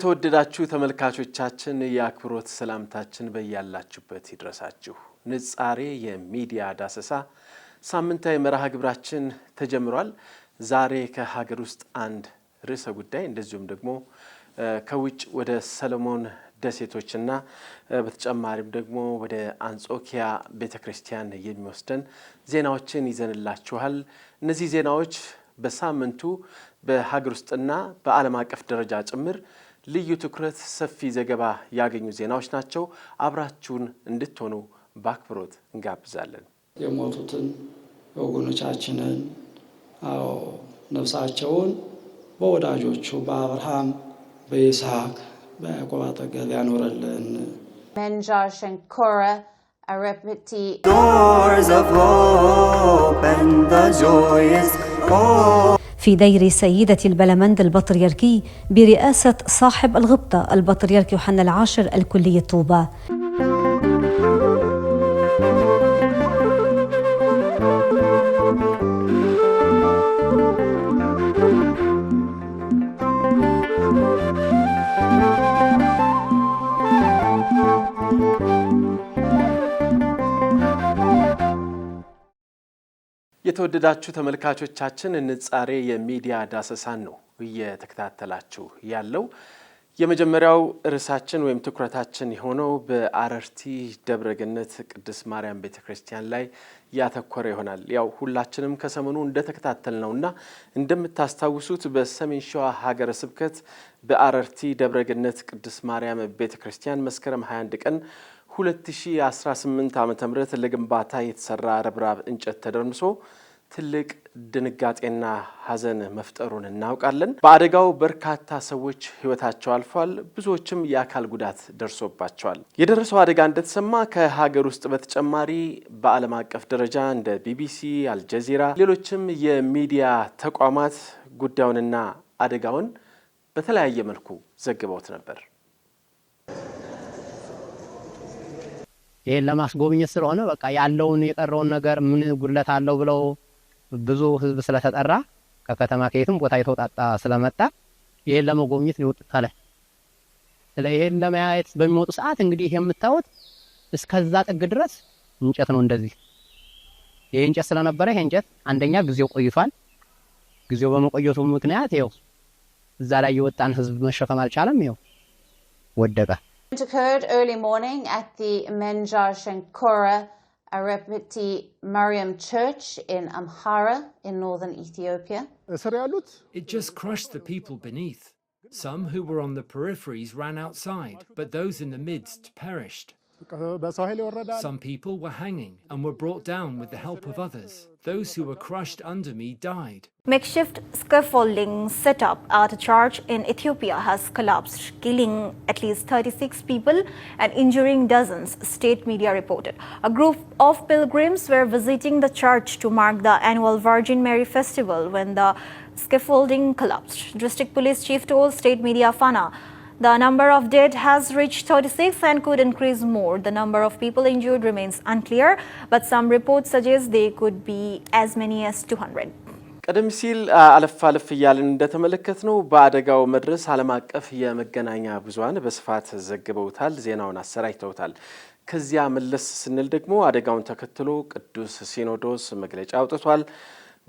የተወደዳችሁ ተመልካቾቻችን የአክብሮት ሰላምታችን በያላችሁበት ይድረሳችሁ። ንጻሬ የሚዲያ ዳሰሳ ሳምንታዊ መርሃ ግብራችን ተጀምሯል። ዛሬ ከሀገር ውስጥ አንድ ርዕሰ ጉዳይ እንደዚሁም ደግሞ ከውጭ ወደ ሰለሞን ደሴቶችና በተጨማሪም ደግሞ ወደ አንጾኪያ ቤተ ክርስቲያን የሚወስደን ዜናዎችን ይዘንላችኋል። እነዚህ ዜናዎች በሳምንቱ በሀገር ውስጥና በዓለም አቀፍ ደረጃ ጭምር ልዩ ትኩረት ሰፊ ዘገባ ያገኙ ዜናዎች ናቸው። አብራችሁን እንድትሆኑ በአክብሮት እንጋብዛለን። የሞቱትን ወገኖቻችንን አዎ ነፍሳቸውን በወዳጆቹ በአብርሃም በይስሐቅ በያዕቆብ አጠገብ ያኖረልን። في دير سيدة البلمند البطريركي برئاسة صاحب الغبطة البطريرك يوحنا العاشر الكلي الطوبة የተወደዳችሁ ተመልካቾቻችን ንጻሬ የሚዲያ ዳሰሳን ነው እየተከታተላችሁ ያለው። የመጀመሪያው ርዕሳችን ወይም ትኩረታችን የሆነው በአረርቲ ደብረገነት ቅድስት ማርያም ቤተ ክርስቲያን ላይ ያተኮረ ይሆናል። ያው ሁላችንም ከሰሞኑ እንደተከታተል እና እንደምታስታውሱት በሰሜን ሸዋ ሀገረ ስብከት በአረርቲ ደብረገነት ቅድስት ማርያም ቤተ ክርስቲያን መስከረም 21 ቀን 2018 ዓ ም ለግንባታ የተሰራ ረብራብ እንጨት ተደርምሶ ትልቅ ድንጋጤና ሐዘን መፍጠሩን እናውቃለን። በአደጋው በርካታ ሰዎች ሕይወታቸው አልፏል፣ ብዙዎችም የአካል ጉዳት ደርሶባቸዋል። የደረሰው አደጋ እንደተሰማ ከሀገር ውስጥ በተጨማሪ በዓለም አቀፍ ደረጃ እንደ ቢቢሲ፣ አልጀዚራ፣ ሌሎችም የሚዲያ ተቋማት ጉዳዩንና አደጋውን በተለያየ መልኩ ዘግበውት ነበር። ይህን ለማስጎብኘት ስለሆነ በቃ ያለውን የቀረውን ነገር ምን ጉድለት አለው ብለው ብዙ ህዝብ ስለተጠራ ከከተማ ከየትም ቦታ የተውጣጣ ስለመጣ ይህን ለመጎብኘት ሊወጡ ካለ ስለ ይህን ለማየት በሚወጡ ሰዓት እንግዲህ የምታዩት እስከዛ ጥግ ድረስ እንጨት ነው። እንደዚህ ይህ እንጨት ስለነበረ ይህ እንጨት አንደኛ ጊዜው ቆይቷል። ጊዜው በመቆየቱ ምክንያት ይኸው እዛ ላይ የወጣን ህዝብ መሸፈም አልቻለም። ይኸው ወደቀ። Arepeti Mariam Church in Amhara in northern Ethiopia. It just crushed the people beneath. Some who were on the peripheries ran outside, but those in the midst perished. Some people were hanging and were brought down with the help of others. Those who were crushed under me died. Makeshift scaffolding set up at a church in Ethiopia has collapsed, killing at least 36 people and injuring dozens, state media reported. A group of pilgrims were visiting the church to mark the annual Virgin Mary festival when the scaffolding collapsed, district police chief told state media Fana. The number of dead has reached 36 and could increase more. The number of people injured remains unclear, but some reports suggest they could be as many as 200. ቀደም ሲል አለፍ አለፍ እያልን እንደተመለከት ነው በአደጋው መድረስ ዓለም አቀፍ የመገናኛ ብዙኃን በስፋት ዘግበውታል፣ ዜናውን አሰራጭተውታል። ከዚያ መለስ ስንል ደግሞ አደጋውን ተከትሎ ቅዱስ ሲኖዶስ መግለጫ አውጥቷል።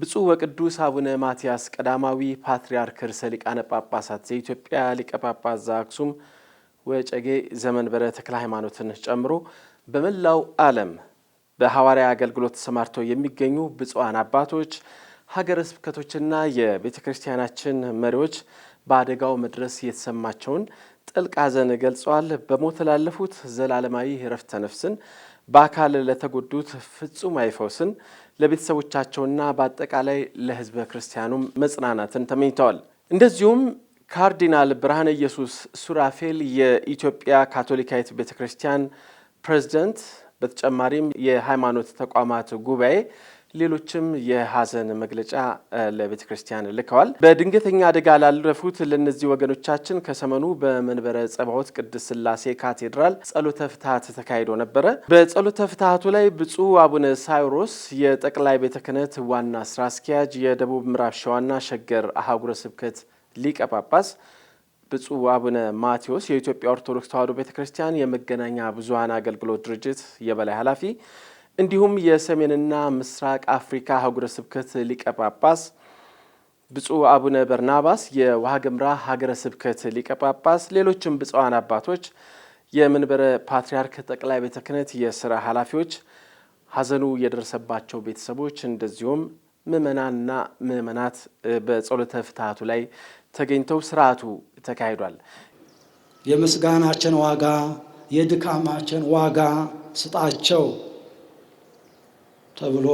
ብፁዕ ወቅዱስ አቡነ ማትያስ ቀዳማዊ ፓትርያርክ ርእሰ ሊቃነ ጳጳሳት የኢትዮጵያ ሊቀ ጳጳስ ዘአክሱም ወጨጌ ዘመንበረ ተክለ ሃይማኖትን ጨምሮ በመላው ዓለም በሐዋርያ አገልግሎት ተሰማርተው የሚገኙ ብፁዓን አባቶች፣ ሀገረ ስብከቶችና የቤተ ክርስቲያናችን መሪዎች በአደጋው መድረስ የተሰማቸውን ጥልቅ ሐዘን ገልጸዋል። በሞት ላለፉት ዘላለማዊ ረፍተ ነፍስን፣ በአካል ለተጎዱት ፍጹም አይፈውስን ለቤተሰቦቻቸውና በአጠቃላይ ለህዝበ ክርስቲያኑም መጽናናትን ተመኝተዋል። እንደዚሁም ካርዲናል ብርሃነ ኢየሱስ ሱራፌል የኢትዮጵያ ካቶሊካዊት ቤተ ክርስቲያን በተጨማሪም የሃይማኖት ተቋማት ጉባኤ ሌሎችም የሀዘን መግለጫ ለቤተ ክርስቲያን ልከዋል። በድንገተኛ አደጋ ላለፉት ለእነዚህ ወገኖቻችን ከሰሞኑ በመንበረ ጸባዖት ቅድስት ሥላሴ ካቴድራል ጸሎተ ፍትሐት ተካሂዶ ነበረ። በጸሎተ ፍትሐቱ ላይ ብፁዕ አቡነ ሳይሮስ የጠቅላይ ቤተ ክህነት ዋና ስራ አስኪያጅ፣ የደቡብ ምዕራብ ሸዋና ሸገር አህጉረ ስብከት ሊቀ ጳጳስ ብፁዕ አቡነ ማቴዎስ የኢትዮጵያ ኦርቶዶክስ ተዋሕዶ ቤተ ክርስቲያን የመገናኛ ብዙኃን አገልግሎት ድርጅት የበላይ ኃላፊ እንዲሁም የሰሜንና ምስራቅ አፍሪካ አህጉረ ስብከት ሊቀ ጳጳስ ብፁዕ አቡነ በርናባስ የዋግምራ ሀገረ ስብከት ሊቀ ጳጳስ፣ ሌሎችም ብፁዓን አባቶች፣ የመንበረ ፓትርያርክ ጠቅላይ ቤተ ክህነት የስራ ኃላፊዎች፣ ሀዘኑ የደረሰባቸው ቤተሰቦች እንደዚሁም ምዕመናንና ምእመናት በጸሎተ ፍትሐቱ ላይ ተገኝተው ስርዓቱ ተካሂዷል። የምስጋናችን ዋጋ የድካማችን ዋጋ ስጣቸው ተብሎ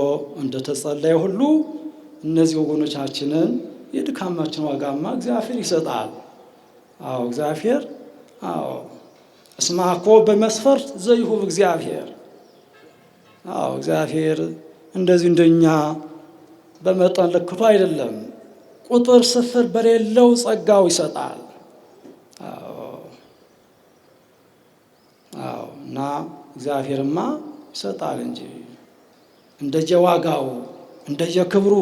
እንደተጸለየ ሁሉ እነዚህ ወገኖቻችንን የድካማችን ዋጋማ እግዚአብሔር ይሰጣል። አዎ እግዚአብሔር አዎ እስማኮ በመስፈርት ዘይሁብ እግዚአብሔር አዎ እግዚአብሔር እንደዚህ እንደኛ በመጠን ለክቶ አይደለም። ቁጥር ስፍር በሌለው ጸጋው ይሰጣል። እና እግዚአብሔርማ ይሰጣል እንጂ እንደየዋጋው እንደየክብሩ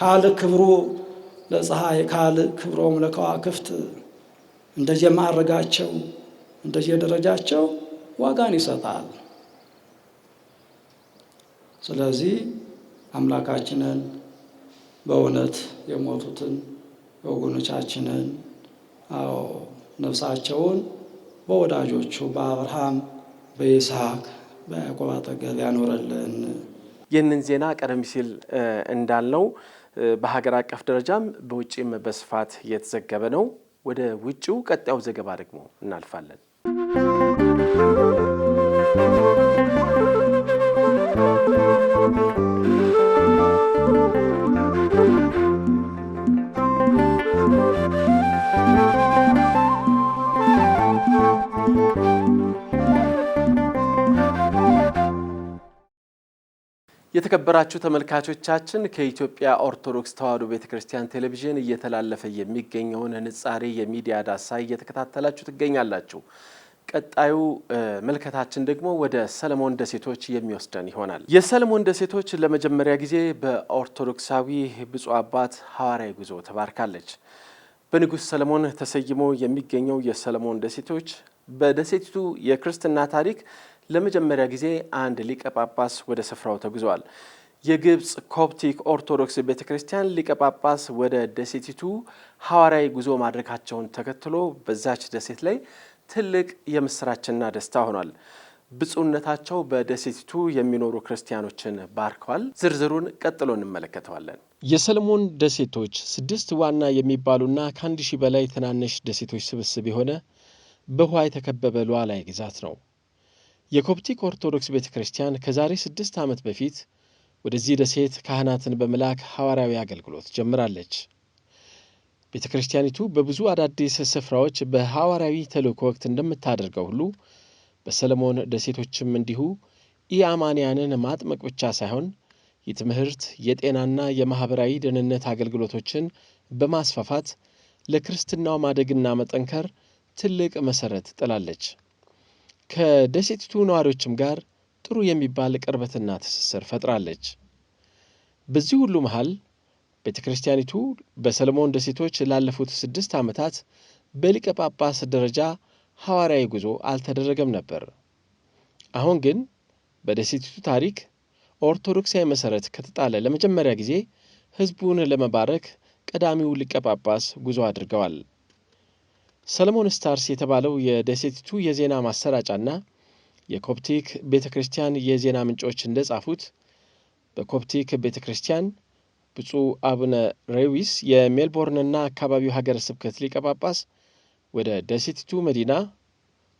ካል ክብሩ ለፀሐይ ካል ክብሮም ለከዋክብት እንደየማዕረጋቸው እንደየደረጃቸው ዋጋን ይሰጣል። ስለዚህ አምላካችንን በእውነት የሞቱትን ወገኖቻችንን አዎ ነፍሳቸውን በወዳጆቹ በአብርሃም በይስሐቅ በያዕቆብ አጠገብ ያኖረልን። ይህንን ዜና ቀደም ሲል እንዳልነው በሀገር አቀፍ ደረጃም በውጭም በስፋት እየተዘገበ ነው። ወደ ውጭው ቀጣዩ ዘገባ ደግሞ እናልፋለን። የተከበራችሁ ተመልካቾቻችን ከኢትዮጵያ ኦርቶዶክስ ተዋሕዶ ቤተ ክርስቲያን ቴሌቪዥን እየተላለፈ የሚገኘውን ንጻሬ የሚዲያ ዳሳ እየተከታተላችሁ ትገኛላችሁ። ቀጣዩ መልከታችን ደግሞ ወደ ሰለሞን ደሴቶች የሚወስደን ይሆናል። የሰለሞን ደሴቶች ለመጀመሪያ ጊዜ በኦርቶዶክሳዊ ብፁዕ አባት ሐዋርያዊ ጉዞ ተባርካለች። በንጉሥ ሰለሞን ተሰይሞ የሚገኘው የሰለሞን ደሴቶች በደሴቲቱ የክርስትና ታሪክ ለመጀመሪያ ጊዜ አንድ ሊቀ ጳጳስ ወደ ስፍራው ተጉዘዋል። የግብፅ ኮፕቲክ ኦርቶዶክስ ቤተ ክርስቲያን ሊቀ ጳጳስ ወደ ደሴቲቱ ሐዋርያዊ ጉዞ ማድረጋቸውን ተከትሎ በዛች ደሴት ላይ ትልቅ የምስራችና ደስታ ሆኗል። ብፁዕነታቸው በደሴቲቱ የሚኖሩ ክርስቲያኖችን ባርከዋል። ዝርዝሩን ቀጥሎ እንመለከተዋለን። የሰለሞን ደሴቶች ስድስት ዋና የሚባሉና ከአንድ ሺህ በላይ ትናንሽ ደሴቶች ስብስብ የሆነ በውሃ የተከበበ ሉዓላዊ ግዛት ነው። የኮፕቲክ ኦርቶዶክስ ቤተ ክርስቲያን ከዛሬ ስድስት ዓመት በፊት ወደዚህ ደሴት ካህናትን በመላክ ሐዋርያዊ አገልግሎት ጀምራለች። ቤተ ክርስቲያኒቱ በብዙ አዳዲስ ስፍራዎች በሐዋርያዊ ተልእኮ ወቅት እንደምታደርገው ሁሉ በሰለሞን ደሴቶችም እንዲሁ ኢአማንያንን ማጥመቅ ብቻ ሳይሆን የትምህርት፣ የጤናና የማኅበራዊ ደህንነት አገልግሎቶችን በማስፋፋት ለክርስትናው ማደግና መጠንከር ትልቅ መሠረት ጥላለች። ከደሴቲቱ ነዋሪዎችም ጋር ጥሩ የሚባል ቅርበትና ትስስር ፈጥራለች። በዚህ ሁሉ መሃል ቤተ ክርስቲያኒቱ በሰለሞን ደሴቶች ላለፉት ስድስት ዓመታት በሊቀ ጳጳስ ደረጃ ሐዋርያዊ ጉዞ አልተደረገም ነበር። አሁን ግን በደሴቲቱ ታሪክ ኦርቶዶክሳዊ መሠረት ከተጣለ ለመጀመሪያ ጊዜ ሕዝቡን ለመባረክ ቀዳሚው ሊቀ ጳጳስ ጉዞ አድርገዋል። ሰለሞን ስታርስ የተባለው የደሴቲቱ የዜና ማሰራጫና የኮፕቲክ ቤተ ክርስቲያን የዜና ምንጮች እንደጻፉት በኮፕቲክ ቤተ ክርስቲያን ብፁዕ አቡነ ሬዊስ የሜልቦርንና አካባቢው ሀገረ ስብከት ሊቀ ጳጳስ ወደ ደሴቲቱ መዲና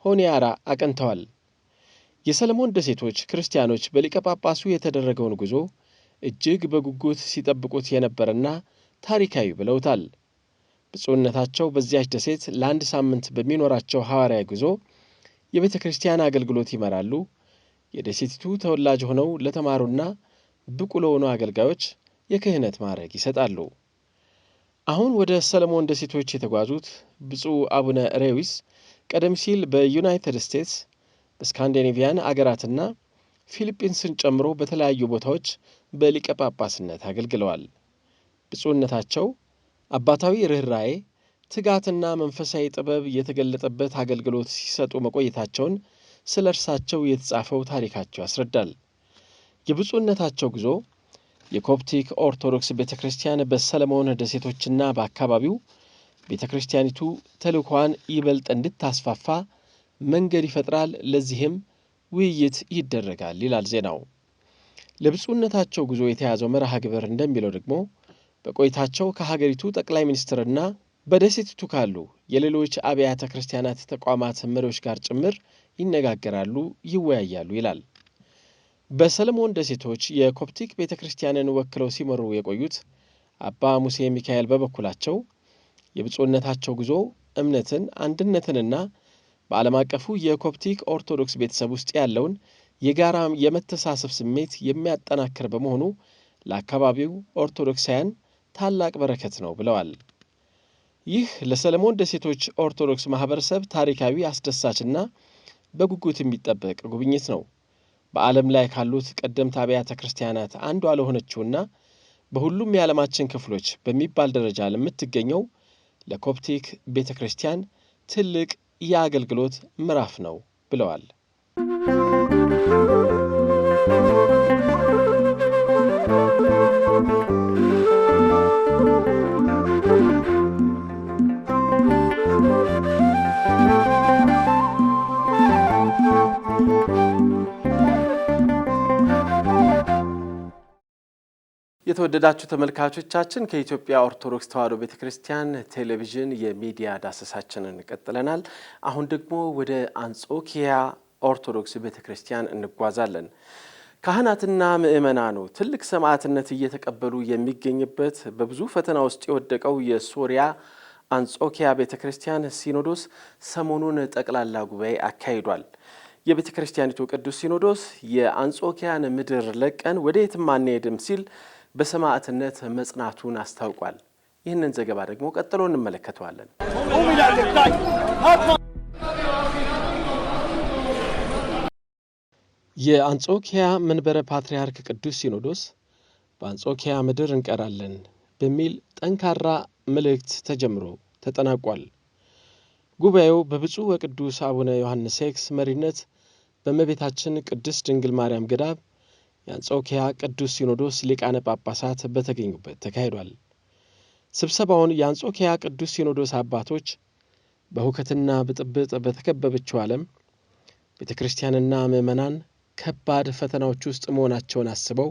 ሆኒያራ አቅንተዋል። የሰለሞን ደሴቶች ክርስቲያኖች በሊቀ ጳጳሱ የተደረገውን ጉዞ እጅግ በጉጉት ሲጠብቁት የነበረና ታሪካዊ ብለውታል። ብፁዕነታቸው በዚያች ደሴት ለአንድ ሳምንት በሚኖራቸው ሐዋርያዊ ጉዞ የቤተ ክርስቲያን አገልግሎት ይመራሉ። የደሴቲቱ ተወላጅ ሆነው ለተማሩና ብቁ ለሆኑ አገልጋዮች የክህነት ማዕረግ ይሰጣሉ። አሁን ወደ ሰለሞን ደሴቶች የተጓዙት ብፁዕ አቡነ ሬዊስ ቀደም ሲል በዩናይትድ ስቴትስ በስካንዲኔቪያን አገራትና ፊሊጲንስን ጨምሮ በተለያዩ ቦታዎች በሊቀ ጳጳስነት አገልግለዋል። ብፁዕነታቸው አባታዊ ርኅራዬ ትጋትና መንፈሳዊ ጥበብ የተገለጠበት አገልግሎት ሲሰጡ መቆየታቸውን ስለ እርሳቸው የተጻፈው ታሪካቸው ያስረዳል። የብፁዕነታቸው ጉዞ የኮፕቲክ ኦርቶዶክስ ቤተ ክርስቲያን በሰለሞን ደሴቶችና በአካባቢው ቤተ ክርስቲያኒቱ ተልኳን ይበልጥ እንድታስፋፋ መንገድ ይፈጥራል፣ ለዚህም ውይይት ይደረጋል ይላል ዜናው። ለብፁዕነታቸው ጉዞ የተያዘው መርሃ ግብር እንደሚለው ደግሞ በቆይታቸው ከሀገሪቱ ጠቅላይ ሚኒስትርና በደሴቲቱ ካሉ የሌሎች አብያተ ክርስቲያናት ተቋማት መሪዎች ጋር ጭምር ይነጋገራሉ፣ ይወያያሉ ይላል። በሰለሞን ደሴቶች የኮፕቲክ ቤተ ክርስቲያንን ወክለው ሲመሩ የቆዩት አባ ሙሴ ሚካኤል በበኩላቸው የብፁዕነታቸው ጉዞ እምነትን፣ አንድነትንና በዓለም አቀፉ የኮፕቲክ ኦርቶዶክስ ቤተሰብ ውስጥ ያለውን የጋራ የመተሳሰብ ስሜት የሚያጠናክር በመሆኑ ለአካባቢው ኦርቶዶክሳውያን ታላቅ በረከት ነው ብለዋል። ይህ ለሰለሞን ደሴቶች ኦርቶዶክስ ማህበረሰብ ታሪካዊ አስደሳችና በጉጉት የሚጠበቅ ጉብኝት ነው። በዓለም ላይ ካሉት ቀደምት አብያተ ክርስቲያናት አንዷ ለሆነችውና በሁሉም የዓለማችን ክፍሎች በሚባል ደረጃ ለምትገኘው ለኮፕቲክ ቤተ ክርስቲያን ትልቅ የአገልግሎት ምዕራፍ ነው ብለዋል። የተወደዳችሁ ተመልካቾቻችን ከኢትዮጵያ ኦርቶዶክስ ተዋሕዶ ቤተ ክርስቲያን ቴሌቪዥን የሚዲያ ዳሰሳችንን እንቀጥለናል። አሁን ደግሞ ወደ አንጾኪያ ኦርቶዶክስ ቤተ ክርስቲያን እንጓዛለን። ካህናትና ምእመናኑ ትልቅ ሰማዕትነት እየተቀበሉ የሚገኝበት በብዙ ፈተና ውስጥ የወደቀው የሶሪያ አንጾኪያ ቤተ ክርስቲያን ሲኖዶስ ሰሞኑን ጠቅላላ ጉባኤ አካሂዷል። የቤተ ክርስቲያኒቱ ቅዱስ ሲኖዶስ የአንጾኪያን ምድር ለቀን ወደ የትም አንሄድም ሲል በሰማዕትነት መጽናቱን አስታውቋል። ይህንን ዘገባ ደግሞ ቀጥሎ እንመለከተዋለን። የአንጾኪያ መንበረ ፓትርያርክ ቅዱስ ሲኖዶስ በአንጾኪያ ምድር እንቀራለን በሚል ጠንካራ መልእክት ተጀምሮ ተጠናቋል። ጉባኤው በብፁዕ ወቅዱስ አቡነ ዮሐንስ ኤክስ መሪነት በእመቤታችን ቅድስት ድንግል ማርያም ገዳም የአንጾኪያ ቅዱስ ሲኖዶስ ሊቃነ ጳጳሳት በተገኙበት ተካሂዷል። ስብሰባውን የአንጾኪያ ቅዱስ ሲኖዶስ አባቶች በሁከትና ብጥብጥ በተከበበችው ዓለም ቤተ ክርስቲያንና ምዕመናን ከባድ ፈተናዎች ውስጥ መሆናቸውን አስበው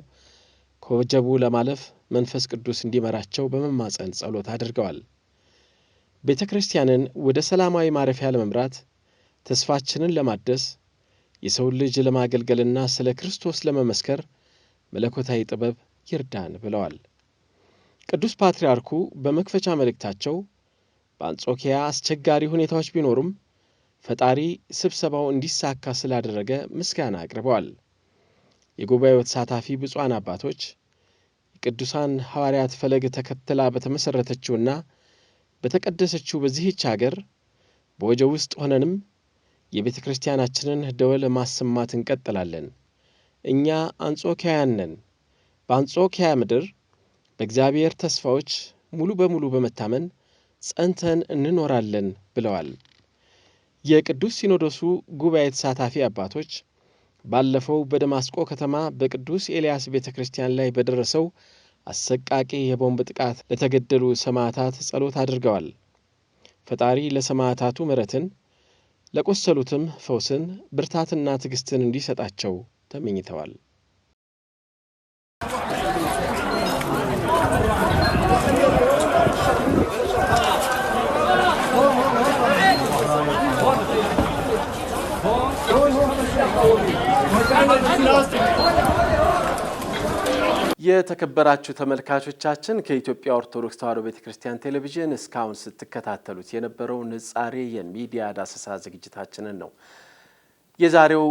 ከወጀቡ ለማለፍ መንፈስ ቅዱስ እንዲመራቸው በመማፀን ጸሎት አድርገዋል። ቤተ ክርስቲያንን ወደ ሰላማዊ ማረፊያ ለመምራት ተስፋችንን ለማደስ የሰውን ልጅ ለማገልገልና ስለ ክርስቶስ ለመመስከር መለኮታዊ ጥበብ ይርዳን ብለዋል። ቅዱስ ፓትርያርኩ በመክፈቻ መልእክታቸው በአንጾኪያ አስቸጋሪ ሁኔታዎች ቢኖሩም ፈጣሪ ስብሰባው እንዲሳካ ስላደረገ ምስጋና አቅርበዋል። የጉባኤው ተሳታፊ ብፁዓን አባቶች የቅዱሳን ሐዋርያት ፈለግ ተከትላ በተመሠረተችውና በተቀደሰችው በዚህች አገር በወጀ ውስጥ ሆነንም የቤተ ክርስቲያናችንን ደወል ማሰማት እንቀጥላለን። እኛ አንጾኪያውያን ነን። በአንጾኪያ ምድር በእግዚአብሔር ተስፋዎች ሙሉ በሙሉ በመታመን ጸንተን እንኖራለን ብለዋል። የቅዱስ ሲኖዶሱ ጉባኤ ተሳታፊ አባቶች ባለፈው በደማስቆ ከተማ በቅዱስ ኤልያስ ቤተ ክርስቲያን ላይ በደረሰው አሰቃቂ የቦምብ ጥቃት ለተገደሉ ሰማዕታት ጸሎት አድርገዋል። ፈጣሪ ለሰማዕታቱ ምሕረትን ለቆሰሉትም ፈውስን ብርታትና ትግስትን እንዲሰጣቸው ተመኝተዋል። የተከበራችሁ ተመልካቾቻችን ከኢትዮጵያ ኦርቶዶክስ ተዋሕዶ ቤተ ክርስቲያን ቴሌቪዥን እስካሁን ስትከታተሉት የነበረው ንጻሬ የሚዲያ ዳሰሳ ዝግጅታችንን ነው። የዛሬው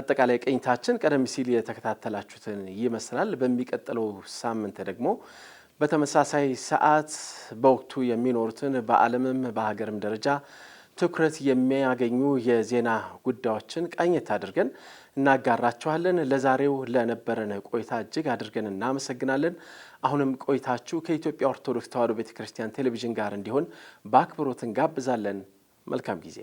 አጠቃላይ ቅኝታችን ቀደም ሲል የተከታተላችሁትን ይመስላል። በሚቀጥለው ሳምንት ደግሞ በተመሳሳይ ሰዓት በወቅቱ የሚኖሩትን በዓለምም በሀገርም ደረጃ ትኩረት የሚያገኙ የዜና ጉዳዮችን ቃኘት አድርገን እናጋራችኋለን። ለዛሬው ለነበረን ቆይታ እጅግ አድርገን እናመሰግናለን። አሁንም ቆይታችሁ ከኢትዮጵያ ኦርቶዶክስ ተዋሕዶ ቤተ ክርስቲያን ቴሌቪዥን ጋር እንዲሆን በአክብሮት እንጋብዛለን። መልካም ጊዜ